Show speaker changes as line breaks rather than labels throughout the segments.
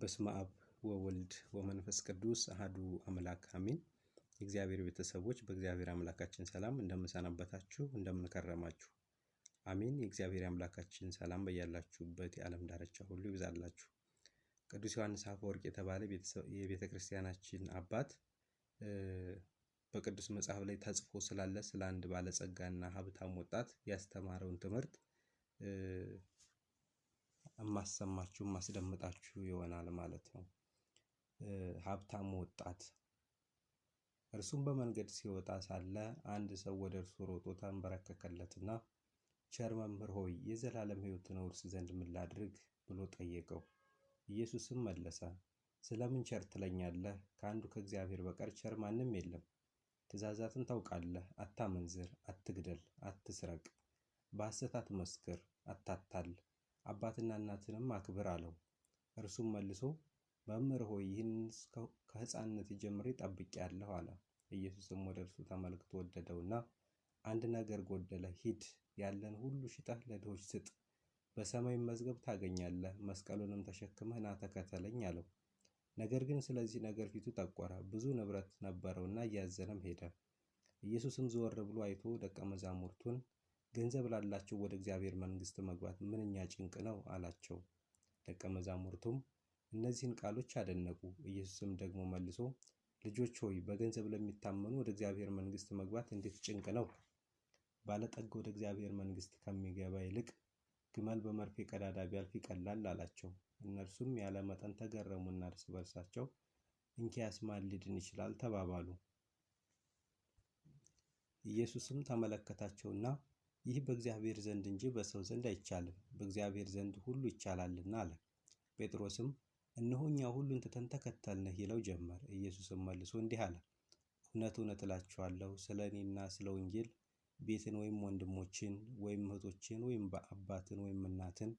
በስመ አብ ወወልድ ወመንፈስ ቅዱስ አህዱ አምላክ አሜን። የእግዚአብሔር ቤተሰቦች በእግዚአብሔር አምላካችን ሰላም እንደምንሰናበታችሁ እንደምንከረማችሁ አሜን። የእግዚአብሔር አምላካችን ሰላም በያላችሁበት የዓለም ዳርቻ ሁሉ ይብዛላችሁ። ቅዱስ ዮሐንስ አፈወርቅ የተባለ የቤተ ክርስቲያናችን አባት በቅዱስ መጽሐፍ ላይ ተጽፎ ስላለ ስለ አንድ ባለጸጋና ሀብታም ወጣት ያስተማረውን ትምህርት የማሰማችሁ የማስደምጣችሁ ይሆናል ማለት ነው። ሀብታም ወጣት እርሱም በመንገድ ሲወጣ ሳለ አንድ ሰው ወደ እርሱ ሮጦ ተንበረከከለትና ቸር መምህር ሆይ የዘላለም ሕይወትን እወርስ ዘንድ ምን ላድርግ ብሎ ጠየቀው። ኢየሱስም መለሰ ስለምን ቸር ትለኛለህ? ከአንዱ ከእግዚአብሔር በቀር ቸር ማንም የለም። ትእዛዛትን ታውቃለህ፣ አታመንዝር፣ አትግደል፣ አትስረቅ፣ በሐሰት አትመስክር፣ አታታል፣ አባትና እናትንም አክብር አለው። እርሱም መልሶ መምህር ሆይ ይህን ከሕፃንነት ጀምሬ ጠብቄአለሁ አለ። ኢየሱስም ወደ እርሱ ተመልክቶ ወደደውና አንድ ነገር ጎደለ፣ ሂድ፣ ያለን ሁሉ ሽጠህ ለድሆች ስጥ፣ በሰማይ መዝገብ ታገኛለህ፣ መስቀሉንም ተሸክመህ ና ተከተለኝ አለው። ነገር ግን ስለዚህ ነገር ፊቱ ጠቆረ፣ ብዙ ንብረት ነበረውና እያዘነም ሄደ። ኢየሱስም ዘወር ብሎ አይቶ ደቀ መዛሙርቱን ገንዘብ ላላቸው ወደ እግዚአብሔር መንግሥት መግባት ምንኛ ጭንቅ ነው አላቸው። ደቀ መዛሙርቱም እነዚህን ቃሎች አደነቁ። ኢየሱስም ደግሞ መልሶ ልጆች ሆይ በገንዘብ ለሚታመኑ ወደ እግዚአብሔር መንግሥት መግባት እንዴት ጭንቅ ነው! ባለጠጋ ወደ እግዚአብሔር መንግሥት ከሚገባ ይልቅ ግመል በመርፌ ቀዳዳ ቢያልፍ ይቀላል አላቸው። እነርሱም ያለ መጠን ተገረሙና እርስ በርሳቸው እንኪያስ ማን ሊድን ይችላል ተባባሉ። ኢየሱስም ተመለከታቸውና ይህ በእግዚአብሔር ዘንድ እንጂ በሰው ዘንድ አይቻልም፣ በእግዚአብሔር ዘንድ ሁሉ ይቻላልና አለ። ጴጥሮስም እነሆ እኛ ሁሉን ትተን ተከተልንህ ይለው ጀመር። ኢየሱስም መልሶ እንዲህ አለ፣ እውነት እውነት እላችኋለሁ ስለ እኔና ስለ ወንጌል ቤትን ወይም ወንድሞችን ወይም እህቶችን ወይም አባትን ወይም እናትን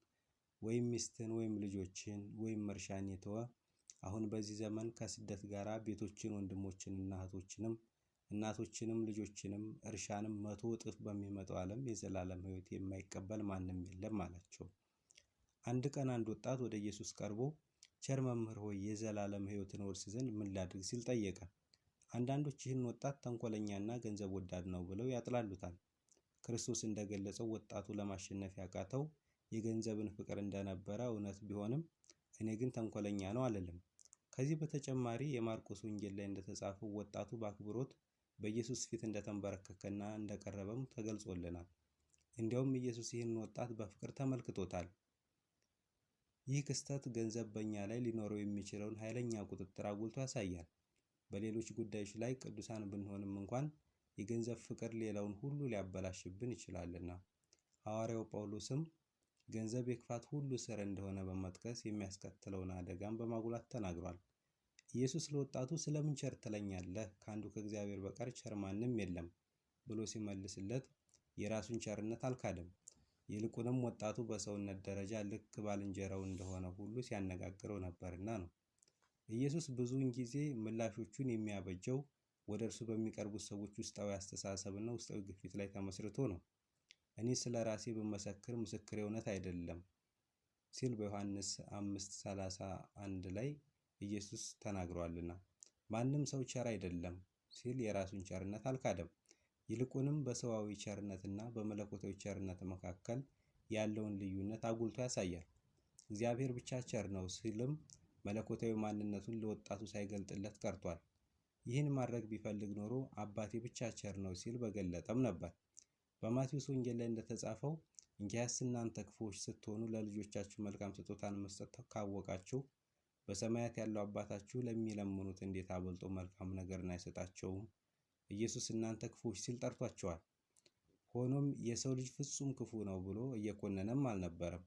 ወይም ሚስትን ወይም ልጆችን ወይም እርሻን የተወ አሁን በዚህ ዘመን ከስደት ጋር ቤቶችን ወንድሞችንና እህቶችንም እናቶችንም ልጆችንም እርሻንም መቶ እጥፍ በሚመጣው ዓለም የዘላለም ሕይወት የማይቀበል ማንም የለም አላቸው። አንድ ቀን አንድ ወጣት ወደ ኢየሱስ ቀርቦ ቸር መምህር ሆይ የዘላለም ሕይወትን ወርስ ዘንድ ምን ላድርግ ሲል ጠየቀ። አንዳንዶች ይህን ወጣት ተንኮለኛና ገንዘብ ወዳድ ነው ብለው ያጥላሉታል። ክርስቶስ እንደገለጸው ወጣቱ ለማሸነፍ ያቃተው የገንዘብን ፍቅር እንደነበረ እውነት ቢሆንም እኔ ግን ተንኮለኛ ነው አልልም። ከዚህ በተጨማሪ የማርቆስ ወንጌል ላይ እንደተጻፈው ወጣቱ በአክብሮት በኢየሱስ ፊት እንደተንበረከከና እንደቀረበም ተገልጾልናል። እንዲያውም ኢየሱስ ይህን ወጣት በፍቅር ተመልክቶታል። ይህ ክስተት ገንዘብ በእኛ ላይ ሊኖረው የሚችለውን ኃይለኛ ቁጥጥር አጉልቶ ያሳያል። በሌሎች ጉዳዮች ላይ ቅዱሳን ብንሆንም እንኳን የገንዘብ ፍቅር ሌላውን ሁሉ ሊያበላሽብን ይችላልና ሐዋርያው ጳውሎስም ገንዘብ የክፋት ሁሉ ስር እንደሆነ በመጥቀስ የሚያስከትለውን አደጋም በማጉላት ተናግሯል። ኢየሱስ ለወጣቱ ስለምን ቸር ትለኛለህ? ከአንዱ ከእግዚአብሔር በቀር ቸር ማንም የለም ብሎ ሲመልስለት የራሱን ቸርነት አልካደም። ይልቁንም ወጣቱ በሰውነት ደረጃ ልክ ባልንጀራው እንደሆነ ሁሉ ሲያነጋግረው ነበርና ነው። ኢየሱስ ብዙውን ጊዜ ምላሾቹን የሚያበጀው ወደ እርሱ በሚቀርቡት ሰዎች ውስጣዊ አስተሳሰብና ውስጣዊ ግፊት ላይ ተመስርቶ ነው። እኔ ስለ ራሴ ብመሰክር ምስክሬ እውነት አይደለም ሲል በዮሐንስ 5፥31 ላይ ኢየሱስ ተናግሯልና ማንም ሰው ቸር አይደለም ሲል የራሱን ቸርነት አልካደም። ይልቁንም በሰዋዊ ቸርነትና በመለኮታዊ ቸርነት መካከል ያለውን ልዩነት አጉልቶ ያሳያል። እግዚአብሔር ብቻ ቸር ነው ሲልም መለኮታዊ ማንነቱን ለወጣቱ ሳይገልጥለት ቀርቷል። ይህን ማድረግ ቢፈልግ ኖሮ አባቴ ብቻ ቸር ነው ሲል በገለጠም ነበር። በማቴዎስ ወንጌል ላይ እንደተጻፈው እንኪያስ እናንተ ክፉዎች ስትሆኑ ለልጆቻችሁ መልካም ስጦታን መስጠት ካወቃችሁ በሰማያት ያለው አባታችሁ ለሚለምኑት እንዴት አበልጦ መልካም ነገርን አይሰጣቸውም? ኢየሱስ እናንተ ክፉዎች ሲል ጠርቷቸዋል። ሆኖም የሰው ልጅ ፍጹም ክፉ ነው ብሎ እየኮነነም አልነበረም።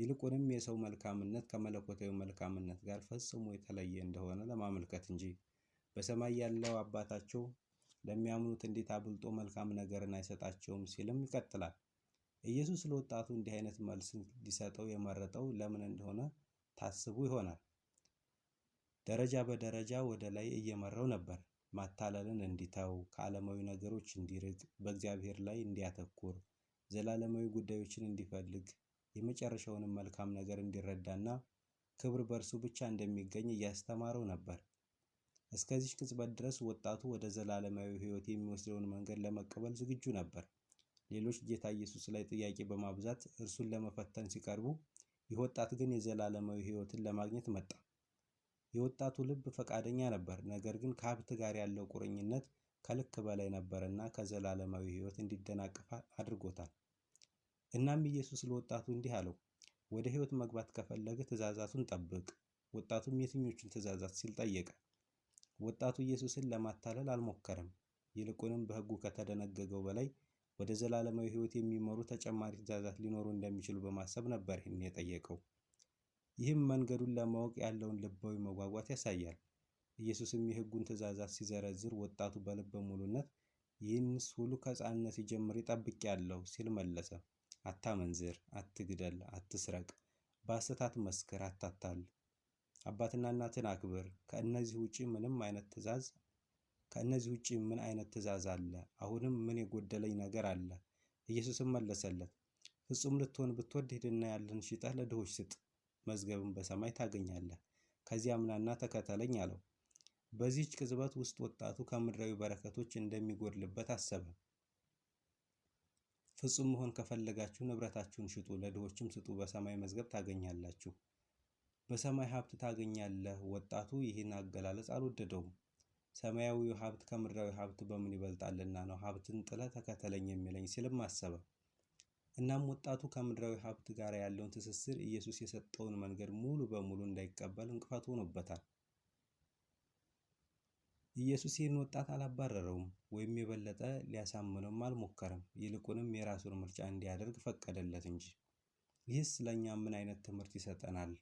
ይልቁንም የሰው መልካምነት ከመለኮታዊ መልካምነት ጋር ፈጽሞ የተለየ እንደሆነ ለማመልከት እንጂ በሰማይ ያለው አባታቸው ለሚያምኑት እንዴት አብልጦ መልካም ነገርን አይሰጣቸውም ሲልም ይቀጥላል። ኢየሱስ ለወጣቱ እንዲህ አይነት መልስ ሊሰጠው የመረጠው ለምን እንደሆነ ታስቡ ይሆናል። ደረጃ በደረጃ ወደ ላይ እየመራው ነበር። ማታለልን እንዲተው፣ ከዓለማዊ ነገሮች እንዲርቅ፣ በእግዚአብሔር ላይ እንዲያተኩር፣ ዘላለማዊ ጉዳዮችን እንዲፈልግ፣ የመጨረሻውንም መልካም ነገር እንዲረዳና ክብር በእርሱ ብቻ እንደሚገኝ እያስተማረው ነበር። እስከዚህ ቅጽበት ድረስ ወጣቱ ወደ ዘላለማዊ ሕይወት የሚወስደውን መንገድ ለመቀበል ዝግጁ ነበር። ሌሎች ጌታ ኢየሱስ ላይ ጥያቄ በማብዛት እርሱን ለመፈተን ሲቀርቡ፣ ይህ ወጣት ግን የዘላለማዊ ሕይወትን ለማግኘት መጣ። የወጣቱ ልብ ፈቃደኛ ነበር፣ ነገር ግን ከሀብት ጋር ያለው ቁርኝነት ከልክ በላይ ነበርና ከዘላለማዊ ሕይወት እንዲደናቀፍ አድርጎታል። እናም ኢየሱስ ለወጣቱ እንዲህ አለው፣ ወደ ሕይወት መግባት ከፈለገ ትእዛዛቱን ጠብቅ። ወጣቱም የትኞቹን ትእዛዛት ሲል ጠየቀ። ወጣቱ ኢየሱስን ለማታለል አልሞከረም። ይልቁንም በሕጉ ከተደነገገው በላይ ወደ ዘላለማዊ ሕይወት የሚመሩ ተጨማሪ ትእዛዛት ሊኖሩ እንደሚችሉ በማሰብ ነበር ይህን የጠየቀው። ይህም መንገዱን ለማወቅ ያለውን ልባዊ መጓጓት ያሳያል። ኢየሱስም የሕጉን ትእዛዛት ሲዘረዝር ወጣቱ በልበ ሙሉነት ይህን ሁሉ ከሕፃንነት ጀምሬ ያለው ሲል መለሰ። አታመንዝር፣ አትግደል፣ አትስረቅ፣ በሐሰት አትመስክር፣ አታታል፣ አባትና እናትን አክብር። ከእነዚህ ውጪ ምንም አይነት ትእዛዝ ከእነዚህ ውጪ ምን አይነት ትእዛዝ አለ? አሁንም ምን የጎደለኝ ነገር አለ? ኢየሱስም መለሰለት፣ ፍጹም ልትሆን ብትወድ ሂድና ሽጠህ ለድሆች ስጥ፣ መዝገብን በሰማይ ታገኛለህ። ከዚያ አምናና ተከተለኝ አለው። በዚህች ቅጽበት ውስጥ ወጣቱ ከምድራዊ በረከቶች እንደሚጎድልበት አሰበ። ፍጹም መሆን ከፈለጋችሁ ንብረታችሁን ሽጡ፣ ለድሆችም ስጡ፣ በሰማይ መዝገብ ታገኛላችሁ። በሰማይ ሀብት ታገኛለህ። ወጣቱ ይህን አገላለጽ አልወደደውም። ሰማያዊው ሀብት ከምድራዊ ሀብት በምን ይበልጣልና ነው ሀብትን ጥለ ተከተለኝ የሚለኝ ሲልም አሰበ። እናም ወጣቱ ከምድራዊ ሀብት ጋር ያለውን ትስስር ኢየሱስ የሰጠውን መንገድ ሙሉ በሙሉ እንዳይቀበል እንቅፋት ሆኖበታል። ኢየሱስ ይህን ወጣት አላባረረውም ወይም የበለጠ ሊያሳምነውም አልሞከረም። ይልቁንም የራሱን ምርጫ እንዲያደርግ ፈቀደለት እንጂ። ይህስ ለእኛ ምን አይነት ትምህርት ይሰጠናል?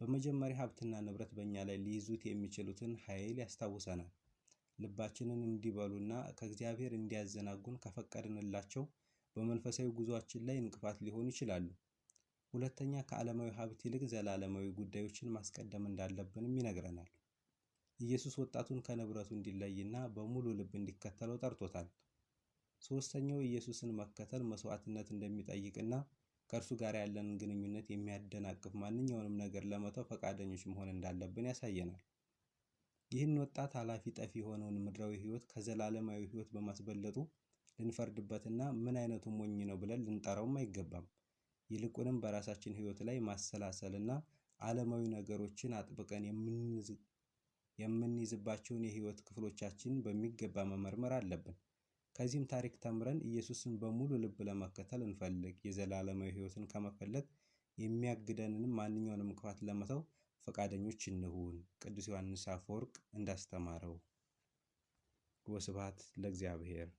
በመጀመሪያ ሀብትና ንብረት በእኛ ላይ ሊይዙት የሚችሉትን ኃይል ያስታውሰናል። ልባችንን እንዲበሉና ከእግዚአብሔር እንዲያዘናጉን ከፈቀድንላቸው በመንፈሳዊ ጉዟችን ላይ እንቅፋት ሊሆኑ ይችላሉ። ሁለተኛ ከዓለማዊ ሀብት ይልቅ ዘላለማዊ ጉዳዮችን ማስቀደም እንዳለብንም ይነግረናል። ኢየሱስ ወጣቱን ከንብረቱ እንዲለይና በሙሉ ልብ እንዲከተለው ጠርቶታል። ሶስተኛው ኢየሱስን መከተል መስዋዕትነት እንደሚጠይቅና ከእርሱ ጋር ያለንን ግንኙነት የሚያደናቅፍ ማንኛውንም ነገር ለመተው ፈቃደኞች መሆን እንዳለብን ያሳየናል። ይህን ወጣት ኃላፊ ጠፊ የሆነውን ምድራዊ ሕይወት ከዘላለማዊ ሕይወት በማስበለጡ ልንፈርድበትና ምን አይነቱ ሞኝ ነው ብለን ልንጠራውም አይገባም። ይልቁንም በራሳችን ህይወት ላይ ማሰላሰልና አለማዊ ነገሮችን አጥብቀን የምንይዝባቸውን የህይወት ክፍሎቻችን በሚገባ መመርመር አለብን። ከዚህም ታሪክ ተምረን ኢየሱስን በሙሉ ልብ ለመከተል እንፈልግ። የዘላለማዊ ህይወትን ከመፈለግ የሚያግደንንም ማንኛውንም እንቅፋት ለመተው ፈቃደኞች እንሁን። ቅዱስ ዮሐንስ አፈወርቅ እንዳስተማረው። ወስብሐት ለእግዚአብሔር።